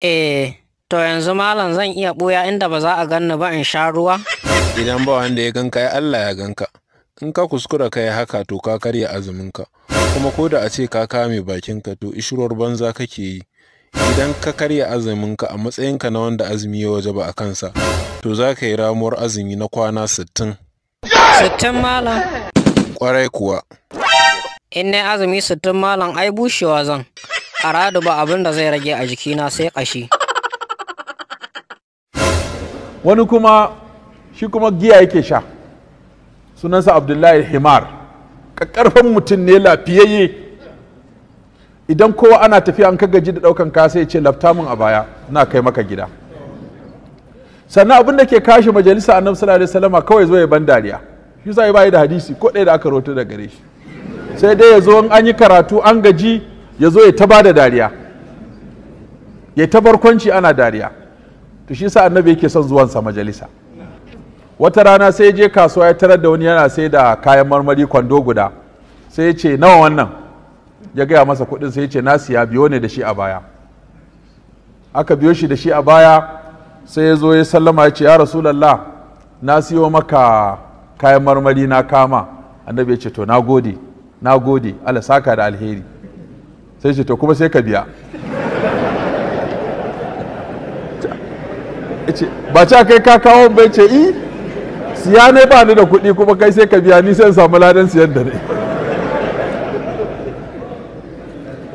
Eh, to yanzu malam zan iya ɓuya inda ba za a ganni ba in sha ruwa? Idan ba wanda ya ganka ya Allah ya ganka. In ka kuskura ka yi haka to ka karya azuminka. Kuma ko da a ce ka kame bakinka to ishirwar banza kake yi. Idan ka karya azuminka a matsayinka na wanda azumi ya waje ba a kansa, to za ka yi ramuwar azumi na kwana sittin. Sittin malam? Ƙwarai kuwa. In ne azumi sittin malam ai bushewa zan. Aradu ba abin da zai rage a jikina sai kashi. Wani kuma shi kuma giya yake sha sunansa Abdullahi Himar ƙarfin mutum ne lafiyayye idan kowa ana tafiya an ka gaji da ɗaukan ka sai ce lafta min a baya na kai maka gida sannan abin da ke kashe majalisa annabi sallallahu alaihi wasallama kawai zo ya ban dariya shi sai bai da hadisi ko ɗaya da aka roto da gare shi sai dai ya zo an yi karatu an gaji ya zo ya ta da dariya ya ta barkwanci ana dariya to shi sa annabi yake son sa majalisa wata rana sai je kasuwa ya tarar da wani yana sai da kayan marmari kwando guda sai ya ce nawa wannan ya gaya masa kuɗin sai ya ce na siya biyo ne da shi a baya aka biyo shi da shi a baya sai ya zo ya sallama ya ce ya rasu rasulallah na siyo maka kayan marmari na kama annabi ya ce to na gode na gode ala da alheri sai ce to kuma sai ka biya ba ca kai ka kawo bai ce i eh, siya ne ba ni da kuɗi kuma kai sai ka biya ni sai samu ladan siyan da ne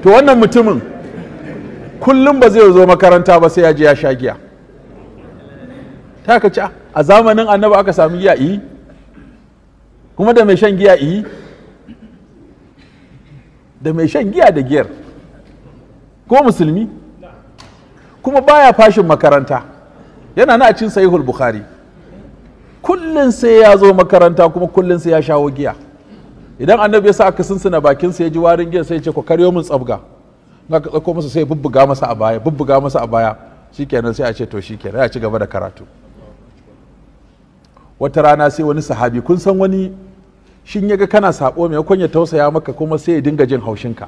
to wannan mutumin kullum ba zai zo makaranta ba sai ya je ya sha giya ta ka ci ah, a zamanin annaba aka samu giya i eh? kuma da mai shan giya i eh? da mai shan giya da giyar ko musulmi kuma baya fashin makaranta yana na a cin sahihul bukhari kullum sai ya zo makaranta kuma kullum sai ya shawo giya idan annabi ya sa aka sinsina bakin sa ya ji warin giya sai ya ce ku karyo min tsabga a ka tsako masa sai bubbuga masa a baya bubbuga masa a baya shikenan sai a ce to shikenan ya ci gaba da karatu wata rana sai wani sahabi kun san wani shin ya ga kana sabo mai ya tausaya maka kuma sai ya dinga jin haushinka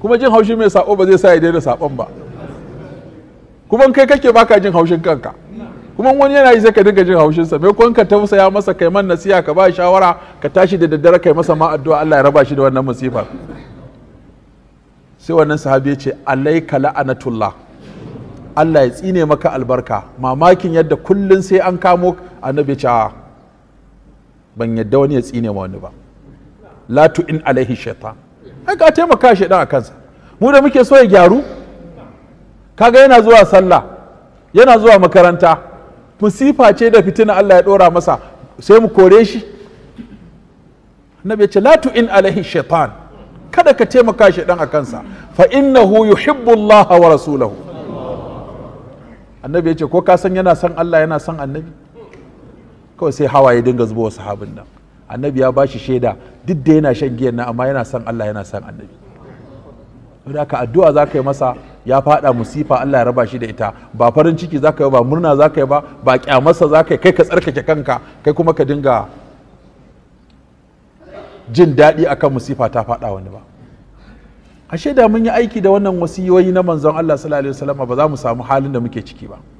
kuma jin haushin mai sabo ba zai sa ya daina sabon ba kuma kai kake baka jin haushin kanka kuma wani yana yi sai ka dinga jin haushin sa mai ka tausaya masa kai man nasiha ka ba shawara ka tashi da daddare kai masa ma addu'a Allah ya raba shi da wannan musifar sai wannan sahabi ya ce alaika la'anatullah Allah ya tsine maka albarka mamakin yadda kullun sai an kamo annabi ce ban yadda wani ya tsine ma wani ba la in alaihi shaitan ai ka taimaka shaitan a kansa mu da muke so ya gyaru kaga yana zuwa sallah yana zuwa makaranta musifa ce da fitina Allah ya dora masa sai mu kore shi annabi ya ce la in alaihi shaitan kada ka taimaka shaitan a kansa fa innahu yuhibbu Allah wa rasulahu annabi ya ce ko ka san yana san Allah yana san annabi kawai sai hawaye dinga zuba wasu habin nan annabi ya bashi shaida duk da yana shan giyan nan amma yana San Allah yana San annabi don haka addu'a za ka yi masa ya faɗa musifa Allah ya raba shi da ita ba farin ciki za ka yi ba murna za ka yi ba ba kyamarsa za ka yi kai ka tsarkake kanka kai kuma ka dinga jin daɗi akan musifa ta fada wani ba ashe da mun yi aiki da wannan wasiyoyi na manzon Allah sallallahu alaihi wasallam ba za mu samu halin da muke ciki ba